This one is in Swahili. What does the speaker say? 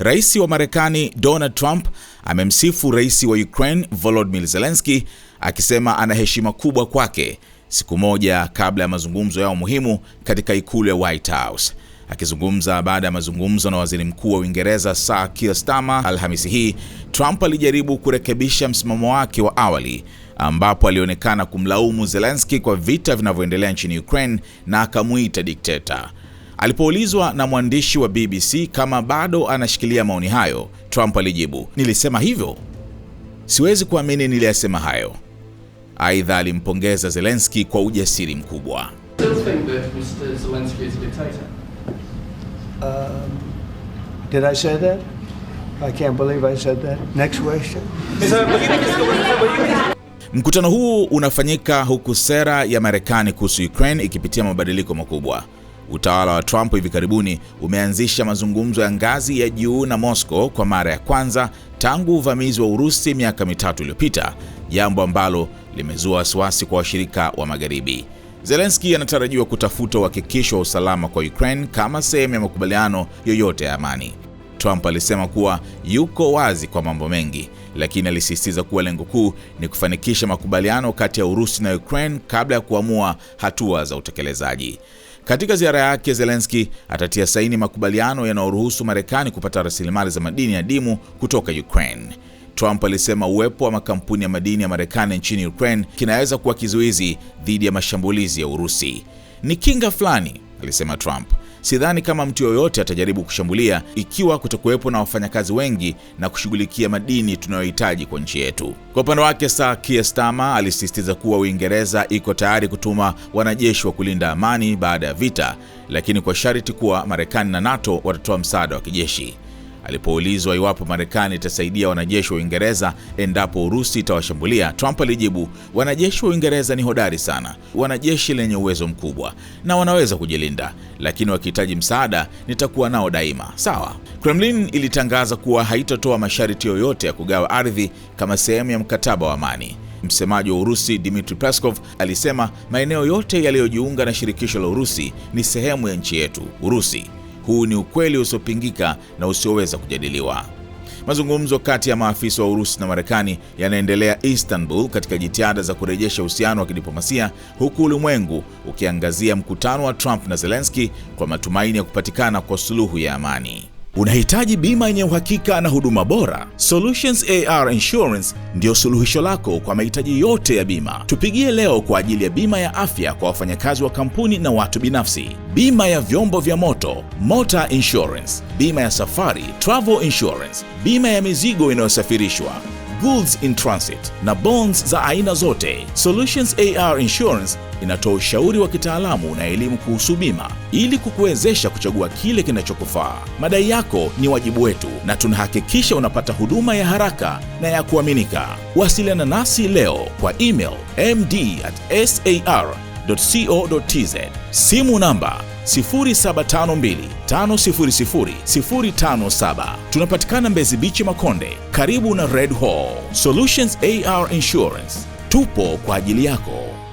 Rais wa Marekani Donald Trump amemsifu rais wa Ukraine Volodymyr Zelensky akisema ana heshima kubwa kwake, siku moja kabla ya mazungumzo yao muhimu katika ikulu ya White House. Akizungumza baada ya mazungumzo na waziri mkuu wa Uingereza Sir Keir Starmer Alhamisi hii, Trump alijaribu kurekebisha msimamo wake wa awali ambapo alionekana kumlaumu Zelensky kwa vita vinavyoendelea nchini Ukraine na akamuita dikteta. Alipoulizwa na mwandishi wa BBC kama bado anashikilia maoni hayo, Trump alijibu, nilisema hivyo, siwezi kuamini niliyasema hayo. Aidha, alimpongeza Zelensky kwa ujasiri mkubwa. Mkutano huu unafanyika huku sera ya Marekani kuhusu Ukraine ikipitia mabadiliko makubwa. Utawala wa Trump hivi karibuni umeanzisha mazungumzo ya ngazi ya juu na Moscow kwa mara ya kwanza tangu uvamizi wa Urusi miaka mitatu iliyopita, jambo ambalo limezua wasiwasi kwa washirika wa Magharibi. Zelensky anatarajiwa kutafuta uhakikisho wa usalama kwa Ukraine kama sehemu ya makubaliano yoyote ya amani. Trump alisema kuwa yuko wazi kwa mambo mengi, lakini alisisitiza kuwa lengo kuu ni kufanikisha makubaliano kati ya Urusi na Ukraine kabla ya kuamua hatua za utekelezaji. Katika ziara yake, Zelensky atatia saini makubaliano yanayoruhusu Marekani kupata rasilimali za madini adimu kutoka Ukraine. Trump alisema uwepo wa makampuni ya madini ya Marekani nchini Ukraine kinaweza kuwa kizuizi dhidi ya mashambulizi ya Urusi. Ni kinga fulani, alisema Trump Sidhani kama mtu yoyote atajaribu kushambulia ikiwa kutakuwepo na wafanyakazi wengi na kushughulikia madini tunayohitaji kwa nchi yetu. Kwa upande wake, Sir Keir Starmer alisisitiza kuwa Uingereza iko tayari kutuma wanajeshi wa kulinda amani baada ya vita, lakini kwa sharti kuwa Marekani na NATO watatoa msaada wa kijeshi. Alipoulizwa iwapo Marekani itasaidia wanajeshi wa Uingereza endapo Urusi itawashambulia, Trump alijibu, wanajeshi wa Uingereza ni hodari sana, wanajeshi lenye uwezo mkubwa na wanaweza kujilinda, lakini wakihitaji msaada nitakuwa nao daima. Sawa. Kremlin ilitangaza kuwa haitatoa masharti yoyote ya kugawa ardhi kama sehemu ya mkataba wa amani. Msemaji wa Urusi Dmitry Peskov alisema maeneo yote yaliyojiunga na shirikisho la Urusi ni sehemu ya nchi yetu Urusi. Huu ni ukweli usiopingika na usioweza kujadiliwa. Mazungumzo kati ya maafisa wa Urusi na Marekani yanaendelea Istanbul katika jitihada za kurejesha uhusiano wa kidiplomasia huku ulimwengu ukiangazia mkutano wa Trump na Zelensky kwa matumaini ya kupatikana kwa suluhu ya amani. Unahitaji bima yenye uhakika na huduma bora? Solutions AR Insurance ndiyo suluhisho lako kwa mahitaji yote ya bima. Tupigie leo kwa ajili ya bima ya afya kwa wafanyakazi wa kampuni na watu binafsi, bima ya vyombo vya moto, motor insurance, bima ya safari, travel insurance, bima ya mizigo inayosafirishwa goods in transit na bonds za aina zote. Solutions AR Insurance inatoa ushauri wa kitaalamu na elimu kuhusu bima ili kukuwezesha kuchagua kile kinachokufaa. Madai yako ni wajibu wetu, na tunahakikisha unapata huduma ya haraka na ya kuaminika. Wasiliana nasi leo kwa email md at sar co.tz, simu namba 0752500057. Tunapatikana Mbezi Bichi Makonde, karibu na Red Hall. Solutions AR Insurance tupo kwa ajili yako.